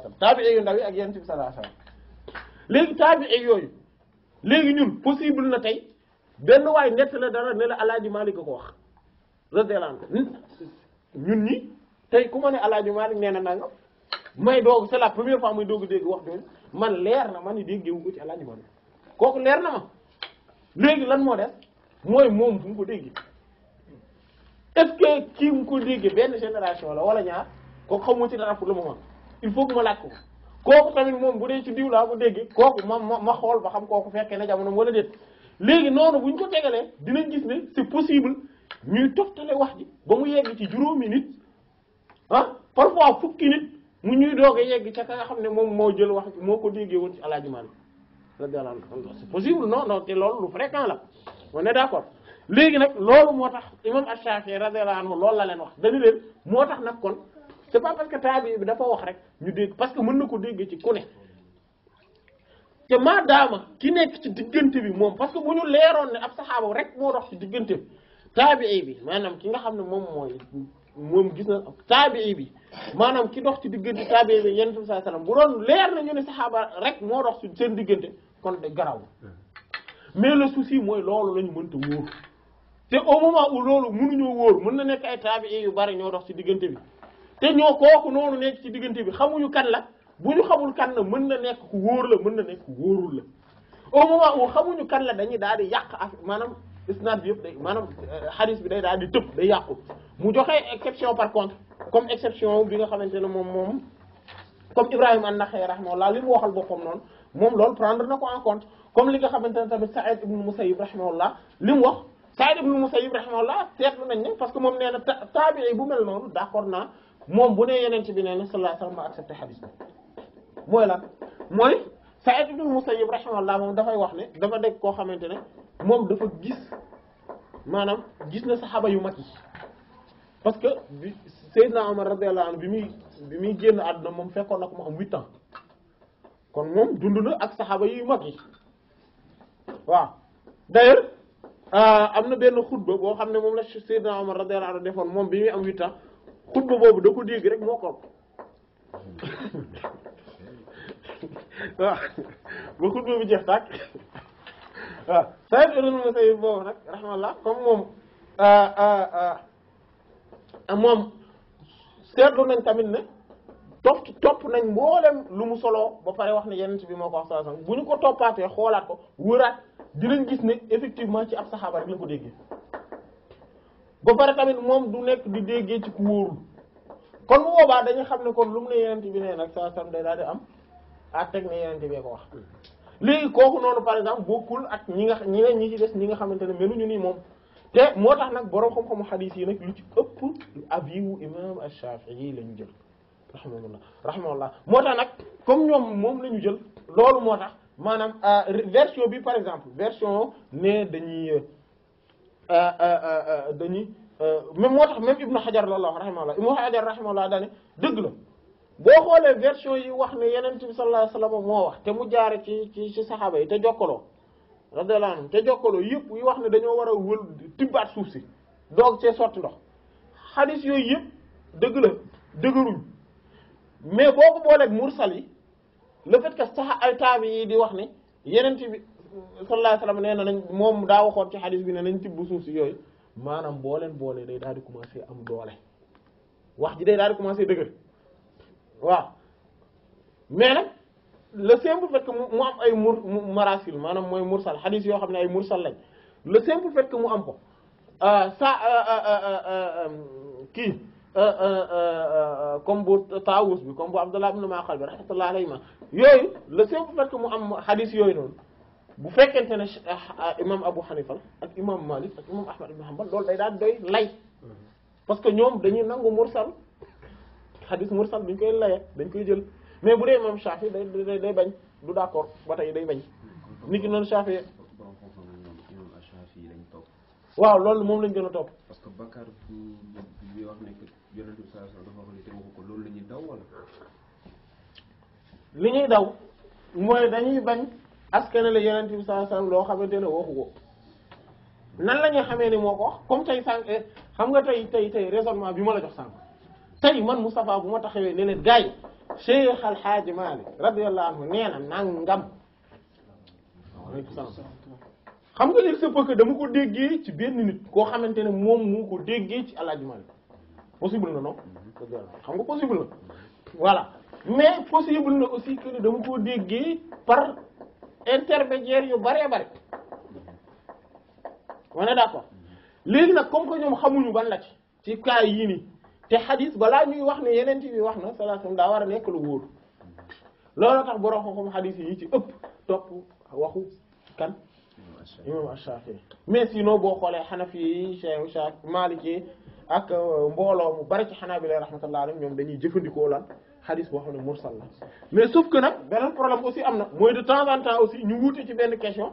taabi'i yu ndaw yi ak yonent bi sallallahu alayhi wasallam léegi taabi'i yooyu léegi ñun possible na tey benn waay nett la dara ne la alaaji Malik ko wax radiyallahu anhu ñun ñi tey ku ma ne alaaji Malik nee na nangam may doog c'est la première fois muy doog dégg wax jooju man leer na ma ni déggewu ko ci alaaji Malik kooku leer na ma léegi lan moo des mooy moom fu ko déggee est-ce que kii ko déggee benn génération la wala ñaar kooku xamoo dara pour le moment il faut que ma laaj ko kooku tamit moom bu dee ci diw laa ko dégg kooku ma ma xool ba xam kooku fekkee na jamono wala déet léegi noonu bu ñu ko tegalee dinañ gis ne c'est possible ñuy toftale wax ji ba mu yegg ci juróomi nit ah parfois fukki nit mu ñuy doogee a yegg ca ka nga xam ne moom moo jël wax moo ko déggee woon ci alaaji Maalik radiyallahu anhu c'est possible non non te loolu lu fréquent la on est d'accord léegi nag loolu moo tax imam Ash-Shafi'i radiyallahu anhu loolu la leen wax dañu leen moo tax nag kon c'est pas parce que taabi bi dafa wax rek ñu dégg parce que mën na ko dégg ci ku ne te maadaama ki nekk ci diggante bi moom parce que bu ñu leeroon ne ab saxaaba rek moo dox ci diggante bi taabii bi maanaam ki nga xam ne moom mooy moom gis na taabii bi maanaam ki dox ci diggante taabii bi yenn sa alayhi wasallam bu doon leer na ñu ne saxaaba rek moo dox ci seen diggante kon de garaw mais le souci mooy loolu lañu mënta wóor te au moment où loolu mënuñoo wóor mën na nekk ay taabii yu bari ñoo dox ci diggante bi te ñoo koku nonu nekk ci digënté bi xamuñu kan la buñu xamul kan la mën na nekk ku wóor la mën na nekk ku wóorul la o moment où xamuñu kan la dañuy daal di yàq manam isnad bi yëpp day manam hadith bi day daal di tëb day yàqu mu joxe exception par contre comme exception bi nga xamante ne mom moom comme ibrahim an nakhay rahimahullah li mu waxal bopom non mom lool prendre nako en compte comme li nga xamante ne tamit Sa'id ibn Musayyib rahimahullah li mu wax Sa'id ibn Musayyib rahimahullah sétlu nañ ne parce que mom néna tabi'i bu mel non d'accord na mom bu ne yenen ci bi ne sallallahu alayhi wasallam ma accepté xadis bi mooy lan mooy gis na saxaaba yu mag parce que sayyidna Seydina Omar radiyallahu anhu bi muy bi muy génn àdduna moom fekkoon na ko am huit ans kon mom dunduna ak sahaba yu mag wa waaw d'ailleurs am na benn xutba boo xam ne la sayyidna Omar radiyallahu anhu defoon mom bi muy am 8 ans xutba boobu da ko dégg rek moo ko am waaw ba xutba bi jeex tàkk waaw Saïd ibn Musayyib boobu nag rahmallah comme moom ah, ah, ah, moom seetlu nañ tamit ne topp topp nañ mboolem lu mu soloo ba pare wax na ne yenent bi moo ko wax saa bu ñu ko toppaatee xoolaat ko wëraat dinañ gis ne effectivement ci ab saxaaba rek la ko déggee ba pare tamit mom du nek di dege ci ku kon bu woba dañu xamne kon lu mu ne yenente bi ne nak sa sam day dal di am atek teg ne yenente bi ko wax léegi koku nonu par exemple bokul ak ñi nga ñi la ñi ci dess ñi nga xamantene melu ñu ni mom te motax nak borom xam-xamu hadith yi nak lu ci ëpp avis imam Ash-Shafi'i lañu jël rahimahullah rahimahullah motax nak comme ñom mom lañu jël lolu motax manam version bi par exemple version ne dañuy dañuy même moo tax même Ibn Hajar la wax rahimahullah Ibn Hajar rahimahullah daane dëgg la boo xoolee version yi wax ne Yonent bi sallallahu alayhi wa sallam moo wax te mu jaare ci ci ci saxaaba yi te jokkaloo radiyallahu anhum te jokkaloo yëpp yi wax ne dañoo war a wël tibbaat suuf si doog cee sotti ndox xadis yooyu yëpp dëgg la dëgëruñ mais boo ko booleeg mursal yi le fait que sax ay taabi yi di wax ne Yonent bi sallallahu alayhi wasallam nee na nañ moom daa waxoon ci xadis bi ne nañ tibb suuf si yooyu maanaam booleen boolee day daal di commencer am doole wax ji day daal di commencer dëgër waaw mais nag le simple fekk que mu am ay mur marasil maanaam mooy mursal xadis yoo xam ne ay mursal lañ le simple fekk mu am ko sa kii comme bu Taawus bi comme bu Abdullah ibn Ma'qil bi rahmatullahi alayhi yooyu le simple fait mu am xadis yooyu noonu bu fekkante ne imam Abu Hanifa ak imam Malik ak imam Ahmad ibn Hanbal lol day daal doy lay parce que ñom dañuy nangu mursal hadith mursal dañ koy laye dañ koy jël mais bu dé imam Shafi day day bañ du d'accord ba tey day bañ nit ki noonu Shafi waaw lol mom lañ gëna top parce que bakkar bu bi wax nek yonent bi sallallahu alayhi wasallam dafa wax te waxu ko loolu la daw wala. li ñuy daw moy dañuy bañ. askene la yonent bi sallallahu alayhi wasallam loo xamante ne nan lañu xamé ni moko wax comme tay sank eh, xam nga tay tay tay raisonnement bi ma la jox sank tay man mustafa bu ma taxawee ne gay Cheikh Al hadji malik radiyallahu anhu neena na nangam xam nga il sepp peut dama ko déggee ci benn nit ko xamantene mom moko moo ci Al hadji malik possible na non xam nga possible na voilà mais possible na aussi que dama ko déggee par intermédiaire yu bëree bëri on est d'accord léegi nag comme que ñoom xamuñu ban la ci ci kaay yii nii te xadis balaa ñuy wax ne yeneen bi wax na salaasam daa war a nekk lu wóor loolu tax borom xam-xam xadis yi ci ëpp topp waxu kan. imam Ash-Shafi'i mais sinon boo xoolee xanafi yi maali Maliki ak mbooloo mu bari ci xanaa bi lay rahmatullah alayhim ñoom dañuy jëfandikoo lan. hadith boo xam mursal la mais sauf que nak benen problème aussi amna moy de temps en temps aussi ñu wuute ci benn question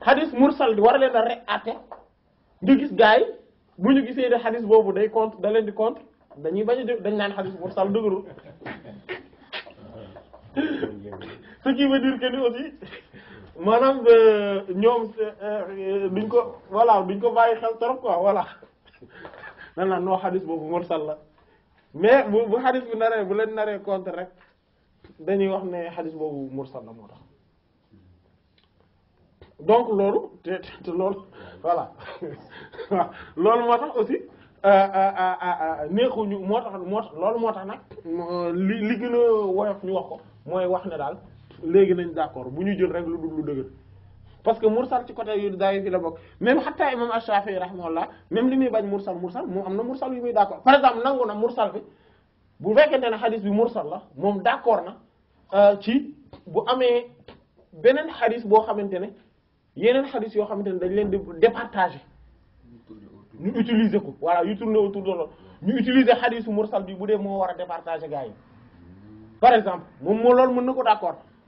hadith mursal di war leen a rek àtte nga gis gars bu ñu gisé de hadith bobu day contre da leen di contre dañuy bañu dañ nane hadith mursal dëgërul ce qui veut dire que ni aussi manam euh, ñoom biñ euh, ko wala biñ ko bàyyi xel torop quoi wala nan la no hadith bobu mursal la. mais bu bu xadis bi naree bu leen naree contre rek dañuy wax ne xadis boobu mursal na moo tax donc loolu te te loolu voilà loolu moo tax aussi euh, euh, euh, neexuñu moo tax moo tax loolu moo tax nag li li gën a woyof ñu wax ko mooy wax ne daal léegi nañ d'accord bu ñu jël rek lu dul lu dëgër parce que mursal ci côté yu daif yi la bokk même xataa imam Ash-Shafi'i rahimahullah même li muy bañ mursal mursal moom am na mursal yu muy d'accord par exemple nangu na mursal bi bu fekkente ne xadis bi mursal la moom d'accord na euh, ci bu amee beneen xadis boo xamante ne yeneen xadis yoo xamante ne dañ leen di départager ñu utiliser ko voilà yu tourné autour de loolu ñu utiliser xadisu mursal bi bu dee moo war a départager gars yi par exemple moom moo loolu mën na ko d'accord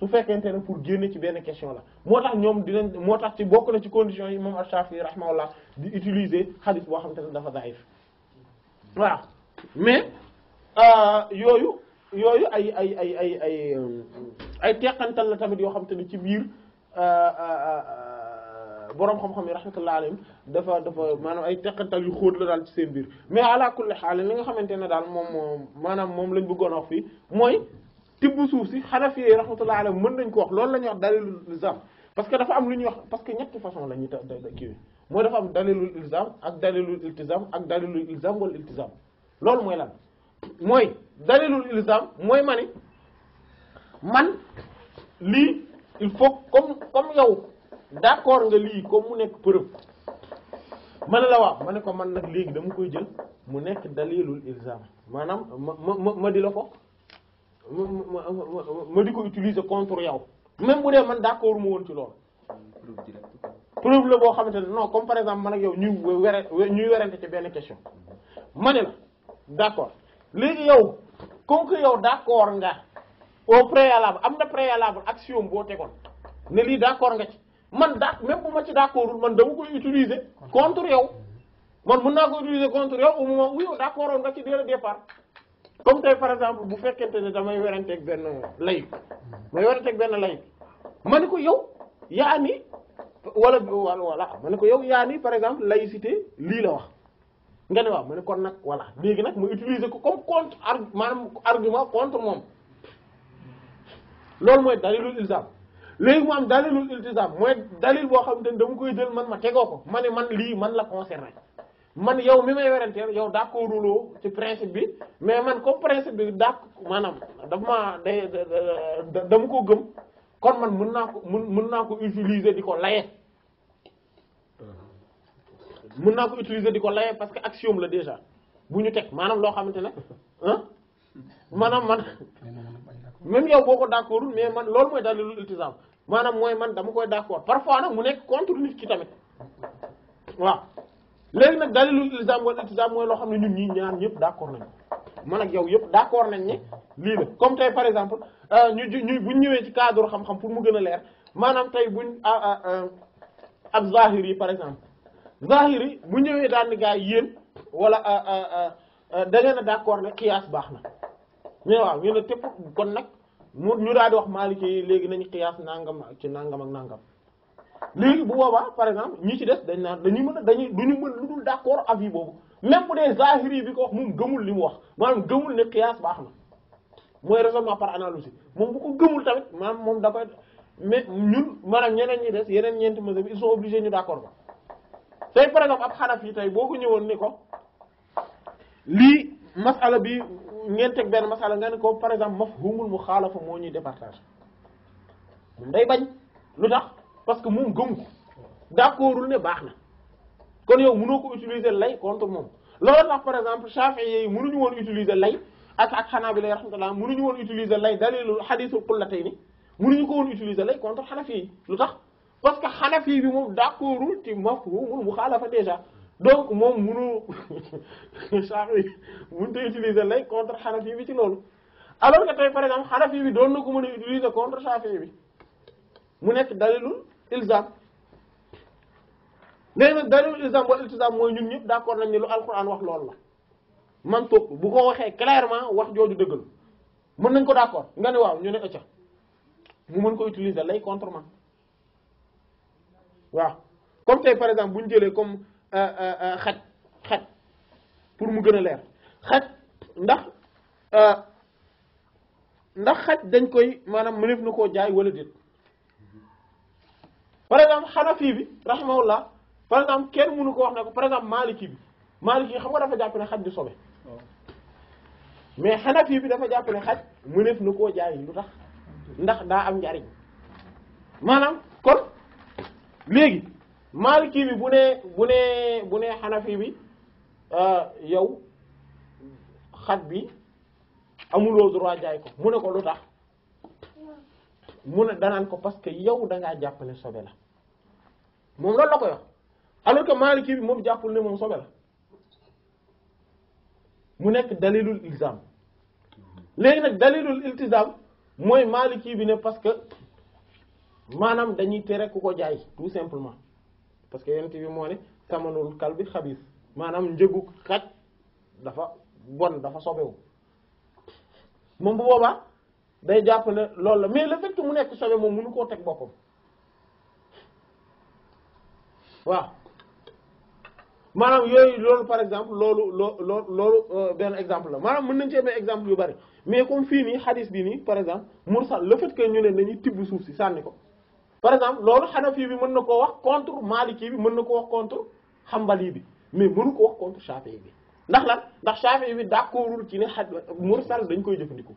su fekkente ne pour génne ci ben question la motax ñom ñoom dinañ motax ci bokku na ci condition yi moom ash shafi rahmalahu di utiliser hadith bo xam te dafa daif voilà mais yooyu yoyu ay ay ay ay ay ay teqantal la tamit yoo xam ci biir borom xam-xam yi rahmatullah alayhim dafa dafa manam ay teqantal yu xóot la dal ci seen bir mais ala kulli hal li nga xamantene dal mom moom moom maanaam lañ bëggoon wax fii mooy nañ ko parce que dafa am parce que façon la un dafa am dalilul ilzam ak dalilul iltizam ak dalilul ilzam wal iltizam lan dalilul ilzam man il faut comme comme yow d'accord nga comme mu preuve la mané ko man nak dama koy jël ma ma ma di ko utiliser contre yow même bu dee man d'accord mu woon ci loolu. preuve la boo xamante ne non comme par exemple man ak yow ñuy were ñuy werante ci ma ne la d'accord léegi yow comme que yow d'accord nga au préalable am na préalable axiome boo tegoon ne lii d'accord nga ci man da même bu ma ci d'accordul man dama koy utiliser contre yow man mën naa ko utiliser contre yow au moment où yow d'accordoon nga ci dès départ comme tey par exemple bu fekkente ne damay weranteeg benn layib may weranteeg benn layib ma ne ko yow yaa ni wala wala wala ma ne ko yow yaa ni par exemple laïcité lii la wax nga ne waaw ma ne kon nag wala léegi nag mu utiliser ko comme contre ar maanaam argument contre moom loolu mooy dalilul ilzam léegi mu am dalilul iltizam mooy dalil boo xam dama koy jël man ma tegoo ko ma ne man lii man la concerné man yow mi may weranteel yow d'accorduloo ci principe bi mais man comme principe bi d'accord maanaam daf ma day dama ko gëm kon man mun naa ko mën mën naa ko utiliser di ko laye uh-huh. mën naa ko utiliser ko laye parce que axiome la déjà bu ñu teg maanaam loo xamante ne ah maanaam man même yow boo ko d'accordul mais man loolu mooy dalilul iltizam maanaam mooy man dama koy d'accord parfois nag mu nekk contre ki tamit waaw léegi nag dalilul ilzam wal iltizam loo xam ne ñun ñii ñaan ñëpp d'accord nañu man ak yow yëpp d'accord nañ ne lii la comme tey par exemple euh, ñu ñu buñ ñëwee ci cadre xam-xam pour mu gën a leer maanaam tey buñ ah, ah, ah, ak zahir yi par exemple zahir yi bu ñëwee daan ni yéen wala euh, euh, da ngeen a d'accord ne qiyaas baax na mais waaw ñu ne tépp kon nag mu ñu daa di wax maliki yi léegi nañu qiyaas nangam ci nangam ak nangam léegi bu boobaa par exemple ñi ci dess dañ naan dañuy mëna dañuy duñu mën lu d'accord avis boobu même bu des zahiri bi ko wax moom gëmul limu wax manam gëmul ne qiyas baxna moy mooy raisonnement par analogie mom bu ko gëmul tamit manam mom da koy mais ñun maanaam ñeneen ñi des yeneen ñeenti mazhab ils sont obligés ñu d'accord ba say par exemple ab xanaf yi tay boo ñewon ñëwoon ni ko lii masala bi ngeen ak ben masala nga ni ko par exemple mafhumul muxaalafa mo ñuy départage moom bañ lu parce que mom gëmu d'accordul ne baxna kon yow mënoko utiliser lay contre mom loolu tax par exemple Shafi'i yi mënuñu won utiliser lay ak ak Hanabila yi rahmatullah mënuñu won utiliser lay dalilul hadisul qullatayni mënuñu ko won utiliser lay contre Hanafi lutax parce que Hanafi bi mom d'accordul ci mu khalafa deja donc mom mënu Shafi'i mënut a utiliser lay contre Hanafi bi ci loolu alors que tay par exemple Hanafi bi doon nako ko mën utiliser contre Shafi'i bi mu nek dalilul ilzam léegi nag dalil ilzam wala iltizam mooy ñun ñëpp d'accord nañ ne lu alquran wax loolu la man toog bu ko waxee clairement wax jooju dëggal mën nañ ko d'accord nga ne waaw ñu ne ëcca mu mën ko utiliser lay contre man waaw comme tey par exemple bu ñu jëlee comme euh, euh, euh, xaj xaj pour mu gën a leer xaj ndax ndax xaj dañ koy maanaam mëneef na koo jaay wala déet par exemple xanafi bi rahimahullah par exemple kenn munu ko wax ne ko par exemple maliki bi maliki xam nga dafa jàpp ne xajj du sobe mais xanafi bi dafa jàpp ne xajj munef nuko jaay lutax ndax da am njariñ manam kon legui maliki bi bune bune bune nee bi euh yow xajj bi amul lo droit jaay ko muné ko lutax mu ne danaan ko parce que yow da ngaa jàpp ne sobe la moom loolu la ko wax alors que Maliki bi moom jàppul ne moom sobe la mu nekk dalilul ilzam léegi nag dalilul iltizam mooy Maliki bi ne parce que maanaam dañuy tere ku ko jaay tout simplement parce que yonent bi moo ne samanul kal bi xabis maanaam njëgu xaj dafa bon dafa sobewu moom bu boobaa day jàpp ne loolu la mais le fait mu nekk sobe moom mënu koo teg boppam waaw maanaam yooyu loolu par exemple loolu loo loo loolu euh, benn exemple la maanaam mën nañ cee may exemple yu bari mais comme fii nii xadis bi nii par exemple mun le fait que ñu ne dañuy tibb suuf si sànni ko par exemple loolu xanafi bi mën na koo wax contre maliki bi mën na ko wax contre xambali bi mais mënu ko wax contre shafi'i bi ndax lan ndax shafi'i bi d'accordul ci ne mursal dañ koy jëfandikoo.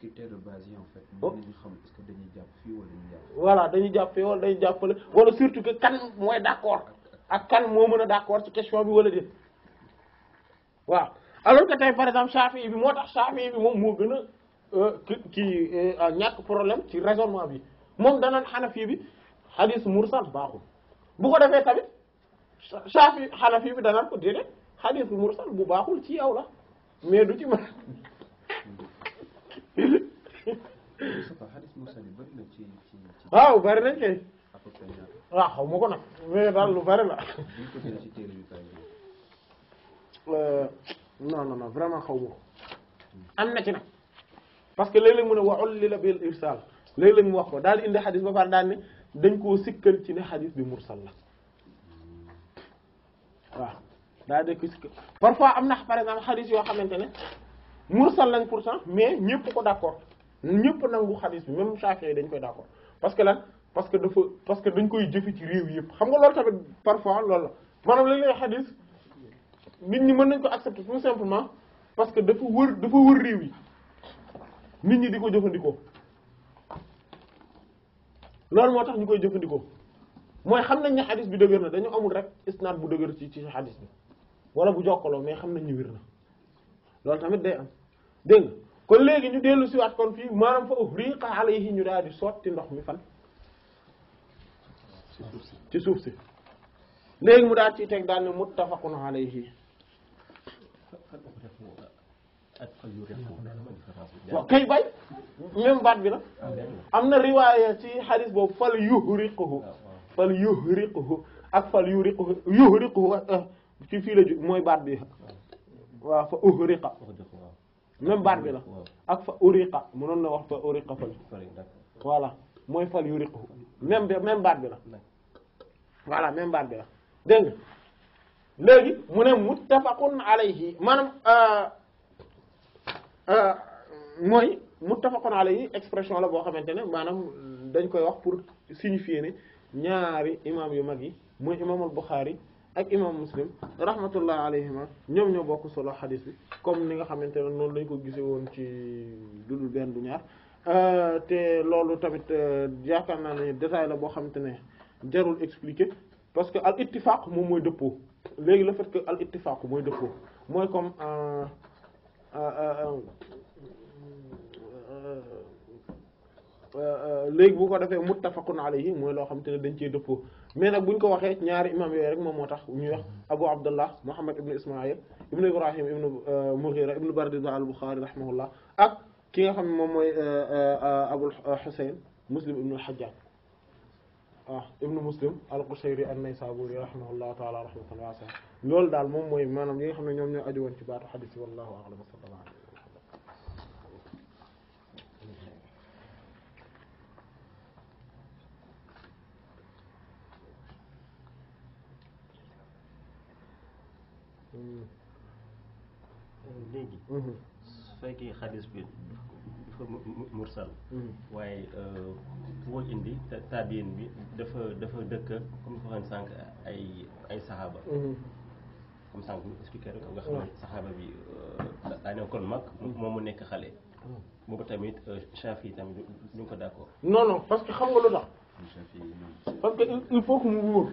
critère de base en fait. voilà oh. ce que dañuy voilà surtout que d'accord ak kan moment d'accord ci question bi wala alors que tay par exemple shafi bi a euh, euh, problème ci raisonnement bi Hanafi bi hadith mursal bu ko Hanafi hadith mursal bu ci mais du ci waaw bari nañ kay waaw xaw ma ko nag mais daal lu bari la euh, non non non vraiment xaw ma ko am na ci nag parce que léeg-léeg mu ne waxul li la bil irsal léeg-léeg mu wax ko daal indi xadis ba pare daal ne dañ koo sikkal ci ne xadis bi mursal la waaw daal de ko sikkal parfois am na par exemple xadis yoo xamante ne mursal lañ pour cent mais ñëpp ko d'accord ñëpp nangu xadis bi même Shafi'i dañ koy d'accord parce que lan parce que dafa parce que dañ koy jëfe ci réew yëpp xam nga loolu tamit parfois loolu la maanaam lañ lay xadis nit ñi mën nañ ko accepter tout simplement parce que dafa wër dafa wër réew yi ñi di ko jëfandikoo loolu moo tax ñu koy jëfandikoo mooy xam nañ ne xadis bi dëgër na dañu amul rek isnaad bu dëgër ci ci xadis bi wala bu jokkaloo mais xam nañ ñu wér loolu tamit day am dégg kon léegi ñu dellu si waat kon fii maanaam fa uhriqa alayhi ñu daal di sotti ndox mi fan ci suuf si léegi mu daal ci teg daal ne muttafaqun alayhi waaw kay bay même baat bi la am na riwaaya ci xadis boobu fal yuhriquhu fal yuhriquhu ak fal yuhriquhu yuhriquhu eh, ci fii la ju mooy baat bi waaw fa uhriqa même baat bi la ak fa uriqa mënoon la wax fa uriqa fal voilà mooy fal yuriqu même même baat bi la voilà même baat bi la dégg nga léegi mu ne muttafaqun alayhi maanaam euh, euh, mooy muttafaqun alayhi expression la boo xamante ne maanaam dañ koy wax pour signifier ne ñaari imam yu mag yi mooy imam al ak imam muslim rahmatullah alayhima ñoom ñoo bokk solo xadis bi comme ni nga xamante ne noonu lañ ko gise woon ci dudul benn du ñaar euh, te loolu tamit euh, yaakaar naa ne détail la boo xamante ne jarul expliquer parce que al ittifaq moom mooy dëppoo léegi la fait que al ittifaq mooy dëppoo mooy comme euh, leg bu ko defee muttafaqun alayhi moy lo xamante dañ ci depp mais nak buñ ko waxé ñaari imam yoy rek mom motax ñu wax Abu Abdullah Muhammad ibn ismaeil ibn Ibrahim ibn Mughira ibn Bardiza al-Bukhari rahimahullah ak ki nga xam mom moy mooy Abul Husayn Muslim ibn al-Hajjaj ah ibnu Muslim al-Qushayri an-Naysaburi rahimahullahu ta'ala rahmatan wasi'a lol dal mom moy manam yi nga xam ñom ñoo aju won ci baatu hadith wallahu a'lam léegi. su fekkee xadis bi dafa mursal. waaye ku ko indi tabiin bi dafa dafa dëkk comme ni ko waxee sànq ay ay saxaaba. comme sànq mu expliqué rek nga xam ne saxaaba bi daa nekkoon mag. moom mu nekk xale. boobu tamit Chafi yi tamit duñ ko d'accord. non non parce que xam nga lu tax. parce que il faut que mu wóor.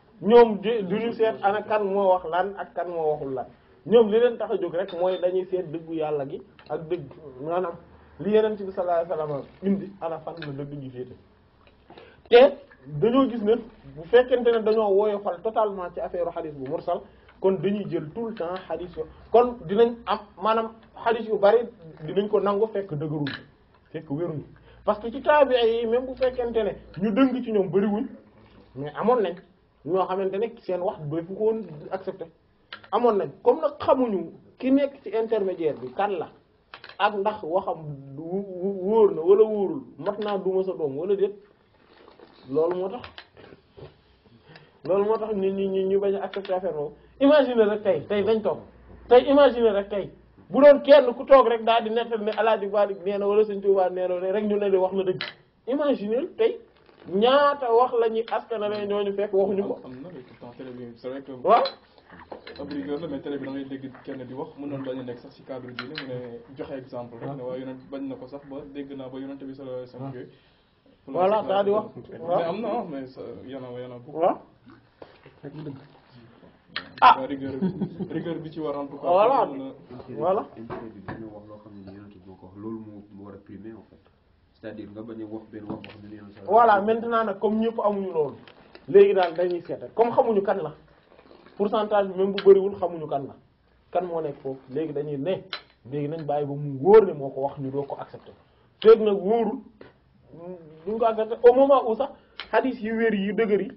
ñom duñu seet ana kan mo wax lan ak kan mo waxul lan ñom li leen taxaju rek moy dañuy seet dëggu yalla gi ak dëgg manam li yenen ci sallallahu alayhi wasallam indi ana fan la dëgg ñu féete té dañu gis ne bu fekkente ne dañoo woyofal totalement ci affaire xadis bu mursal kon dañuy jël tout temps hadith kon dinañ am manam hadith yu bari dinañ ko nangu fekk dëgërul fekk wëru parce que ci tabi'i même bu fekkentene ñu dëng ci ñom bari wuñ mais amoon nañ ño xamantene ne seen wax do fu ko woon accepté amoon nañ comme nag xamuñu ki nek ci intermédiaire bi kan la ak ndax waxam wóor na wala wóorul mat naa duma sa doom wala det loolu motax tax motax moo tax ñu baña accepter bañ affaire boobu imagine rek tay tay dañ toog tay imagine rek tay bu doon kenn ku toog rek daal di netal ni alaaji Baalik neena wala Sëñ Tuubaa nee na rek ñu ne di wax na dëgg imagine tay ñaata wax lañu askana askanale ñooñu fekk waxuñu ko. mais obligé la mais télé bi da ngay dégg kenn di wax mënoon bañ a nekk sax ci cadre bi mu ne joxe exemple rek. ne ah. waa yonent bañ na ko sax ba dégg naa ba yonent bi sallallahu alayhi wasallam. Ah. voilà daa di wax. mais am na ah mais yana yana ko. waaw. ah rigueur rigueur bi ci war en tout cas. voilà voilà. loolu moo war a primer en fait. c'est-à-dire a wax benn wax wax dëgg yàlla. voilà maintenant nag comme ñëpp amuñu loolu léegi daal dañuy seet comme xamuñu kan la pour bi même bu bariwul xamuñu kan la kan moo nekk foofu léegi dañuy ne léegi nañ bàyyi ba mu wóor ne moo ko wax ñu doo ko accepté feeg nag wóorul duñ ko accepté au moment où sax hadith yi wér yu dëgër yi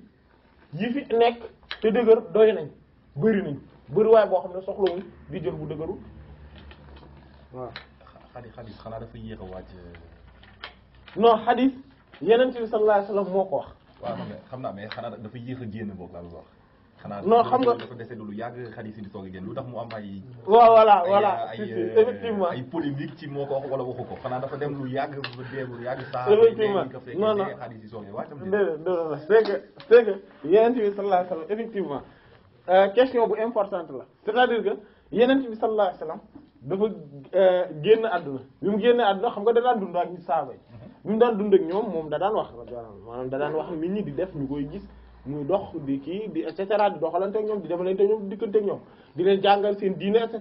yi fi nekk te dëgër doy nañ bëri nañ bëri boo xam ne soxlawuñ di jël bu dëgëru waaw. xadis xadis xanaa dafa yéex a wàcc. Euh, non xadis yenent bi sallallahu alayhi wasallam moo ko wax waaw xam naa mais xanaa dafa yéex a génn boog laa bëgg wax xanaa non xam nga dafa lu yàgg xadis yi di soog a génn lu am ay waaw voilà voilà si si euh, effectivement ci moo ko wax wala waxu ko xanaa dafa dem lu yàgg deelu yàgg saa effectivement non non xadis yi soog a waatam dé dé c'est que c'est que yenent bi euh, euh, génn àdduna bi mu génn xam nga da daan dund ak ñu saaba bi mu daan dund ak ñoom moom da daan wax maanaam da daan wax nit ñi di def ñu koy gis muy dox di kii di et cetera di doxalante ak ñoom di defalante ak ñoom di dikkante ak ñoom di leen jàngal seen diine et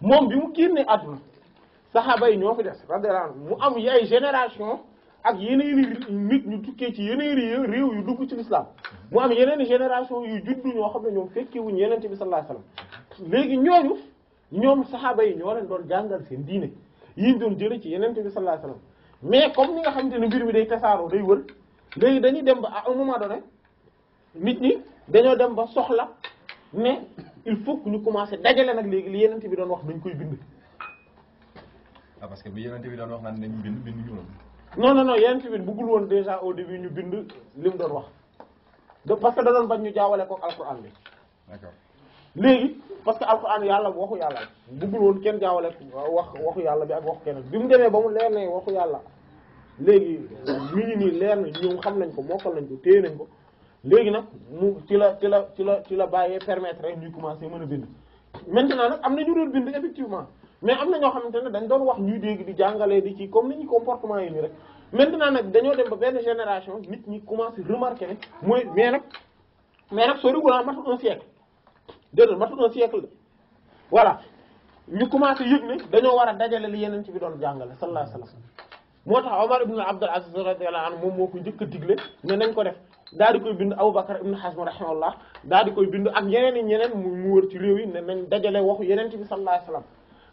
moom bi mu génnee àdduna saxaaba yi ñoo fi def radiyallahu anhu mu am yaay génération ak yeneen nit ñu tukkee ci yeneen réew yu dugg ci l'islam mu am yeneen génération yu juddu ñoo xam ne ñoom fekkee wuñ yeneen bi sallallahu alayhi wasallam léegi ñooñu ñoom saxaaba yi ñoo leen doon jàngal seen diine yi ñu ci yeneen bi sallallahu mais comme ni nga xamante ne mbir mi day tasaaroo day wër léegi dañuy dem ba à un moment nit ñi dañoo dem ba soxla ne il faut que ñu commencer dajale nag léegi li yenent bi doon wax dañ koy bind. ah parce que bi yenent bi doon wax naan dañu bind bi ñu woon. non non non yenent bi bëggul woon déjà au début ñu bind li mu doon wax de parce que da doon bañ ñu jaawale ko alxuraan bi d'accord. léegi parce que alxuraan yàlla waxu yàlla bëggul woon kenn jaawale wax waxu yàlla bi ak waxu kenn bi mu demee ba mu leer ne waxu yàlla léegi mi ngi nii leer na ñoom xam nañ ko mokkal nañ ko téye nañ ko léegi nag mu ci la ci la ci la ci la bàyyee permettre rek ñuy commencer mën a bind maintenant nag am na ñu doon bind effectivement mais am na ñoo xamante ne dañ doon wax ñuy dégg di jàngalee di ci comme ni ñu comportement yi nii rek maintenant nag dañoo dem ba benn génération nit ñi commencer remarquer ne mooy mais nag mais nag soriwul a ah mat un siècle déedéet matul un siècle de voilà ñu commencé yëg ne dañoo war a dajale li yeneen ci bi doon jàngale sallallahu alayhi wasallam moo tax Omar ibn Abdul Aziz radiyallahu anhu moom moo ko njëkk digle ne nañ ko def daal di koy bind Aboubacar ibn Hazm rahimahullah daal di koy bind am ñeneen ñeneen mu wër ci réew yi ne nañ dajale waxu yeneen ci bi sallallahu alayhi wasallam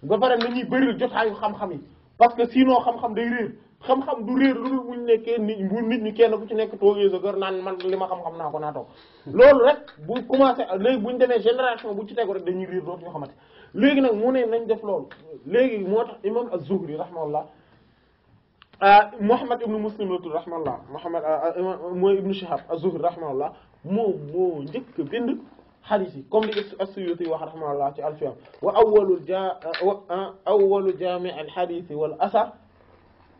ba pare nañuy bëril jotaayu xam-xam yi parce que sinon xam-xam day réer xam-xam du réer lu muñ nekké nit bu nit ñi kenn ku ci nekk toogee sa kër naan man lima xam-xam naa ko naa toog loolu rek bu commencé lay buñ ñu génération bu ci tegu rek dañuy réer do ñu xamante légui nak mu ne nañ def lool légui motax imam az-Zuhri rahmalahu ah Muhammad ibn Muslim rahmalahu tudd Muhammad mooy ibnu Shihab az-Zuhri rahmalahu mo mo njëkk bind xadis comme li as-Suyuti wax rahimahullah ci alfiyam wa awwalu ja awwalu jaami' al-xadis wal asar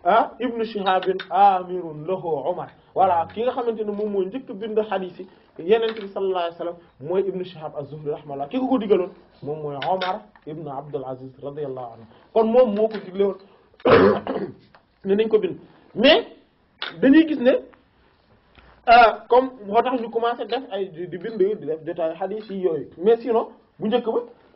ah ibnu shihabin amirun lahu umar voilà ki nga xamante ne moom mooy njëkk bind xadiis yi yenente bi sallallahu alayhi wa sallam mooy ibnu shihab az-zuhri rahimahullah ki ko ko digaloon moom mooy omar ibnu abdul aziz radiyallahu anhu kon moom moo ko digle woon ne nañ ko bind mais dañuy gis ne comme moo tax ñu commencé def ay di bind di def détail xadiis yi mais sinon bu njëkk ba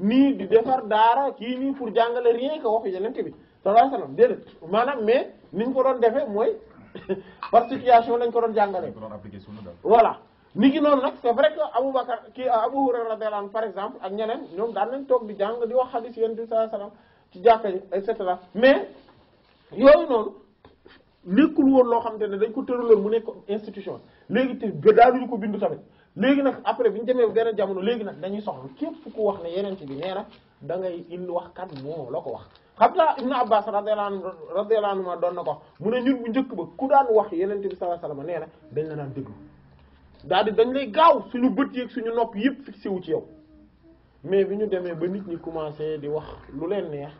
nii di defar daara kii nii pour jàngale rien que waxu yeneen bi sallallahu alayhi wasallam déedéet maanaam mais niñ ko doon defee mooy par situation lañ ko doon jàngale voilà ni ki noonu nag c'est vrai que Aboubacar kii euh, Abu Hurayra radiyallahu par exemple ak ñeneen ñoom daan nañ toog di jàng di wax hadith yeneen bi sallallahu alayhi wasallam ci jàkka yi et cetera mais yooyu noonu nekkul woon loo xamante ne dañ ko tëraloon mu nekk institution léegi te daanuñu ko bindu tamit légui nak après buñu démé demee jamono légui nak dañuy soxlu képp ku wax né yeneen ci bi néna da ngay indi wax kat mo lako wax xataa ibn abbas radhiyallahu anhu don nako mu né ñun bu njëkk ba ku daan wax yeneen bi sallallahu alayhi wasallam néna dañ la naan dëgg daal di dañ lay gaaw suñu bëtt yi ak suñu nopp yépp fixé wu ci yow mais biñu démé ba nit ñi commencé di wax lu leen neex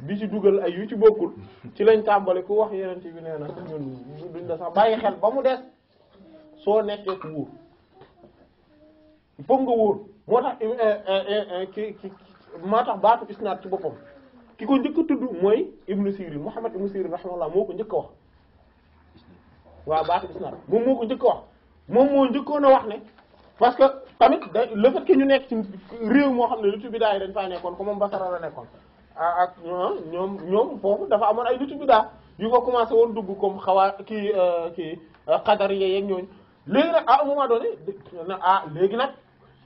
bi ci duggal ay yu ci bokul ci lañ tambalé ku wax yeneen bi néna ñun duñ la sax bayyi xel ba mu dess so nekkee ku foog nga wóor moo tax eh, eh, eh, ki ki maa tax baatu isnaad ci boppam ki ko njëkk tudd mooy Ibnu Sirin Muhammad Ibnu Sirin rahimahullah moo ko njëkk a wax waaw baatu isnaad moom moo ko njëkk wax moom moo jëkkoon a wax ne parce que tamit da le fait ñu nekk ci réew moo xam ne lutu bidaa yi dañ faa nekkoon ko moom Basara la nekkoon ak ñoom ñoom foofu dafa amoon ay lutu bidaa yu ko commencé woon dugg comme xawaa kii euh, kii xadar yeeg ñooñu léegi nag à un moment ah léegi nag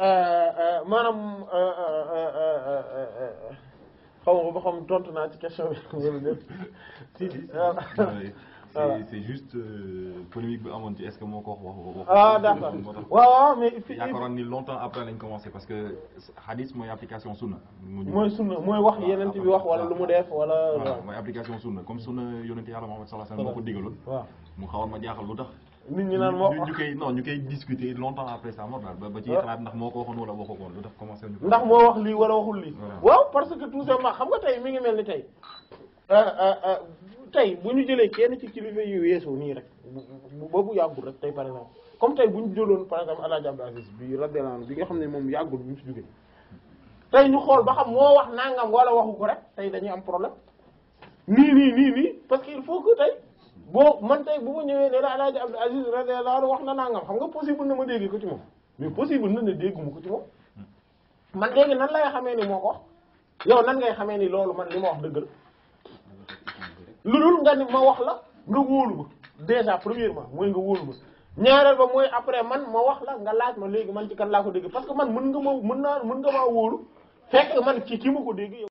Euh, euh, maanaam euh, xaw ma ba xam tontu naa ci question bi. c'est juste polémique bi amoon ci est-ce que moo ko wax. ah d'accord waaw waaw mais. quand ni longtemps après lañ commencé parce que hadith moy application sunna. moy sunna moy wax yeneen bi wax wala lumu def wala. moy application sunna comme sunna yonent Yàlla mohammed sallalahu alayhi wasallam moo ko digaloon. waaw mu xawoon ma jaxal lutax nit ñi naan mo ñu koy non ñu koy discuter longtemps après ça moo ba ci ah. xalaat ndax moo ko waxoon wala waxu lu tax commencé ñu ndax mo wax li wala waxul li waaw parce que tout simplement xam nga tay mi ngi melni tay euh euh, euh tay buñu jëlé kenn ci kilifa yu weesoo ni rek ba bu yàggul rek tay par exemple comme tay buñu jëlone jëloon par exemple El Hadj Abdou bi radiyallahu bi nga xamné mom yagul buñu ci ñu tay ñu xol ba xam mo wax nangam wala waxuko rek tay dañuy am problème ni ni ni ni parce que il faut que tay boo man tey bu ma ñëwee ne la Alaaji Abdou Aziz radiyallahu anhu wax na nangam xam nga possible na ma dégg ko ci moom mais possible na ne dégguma ko ci moom man léegi nan lay xamee ni moo ko wax yow nan ngay xamee ni loolu man li ma wax dëgg lu dul nga ni ma wax la nga wóolu ma déjà premièrement mooy nga wóolu ma ñaareel ba mooy après man ma wax la nga laaj ma léegi man ci kan laa ko dégg parce que man mën nga ma mën naa mën nga maa wóolu fekk man ci ki ma ko dégg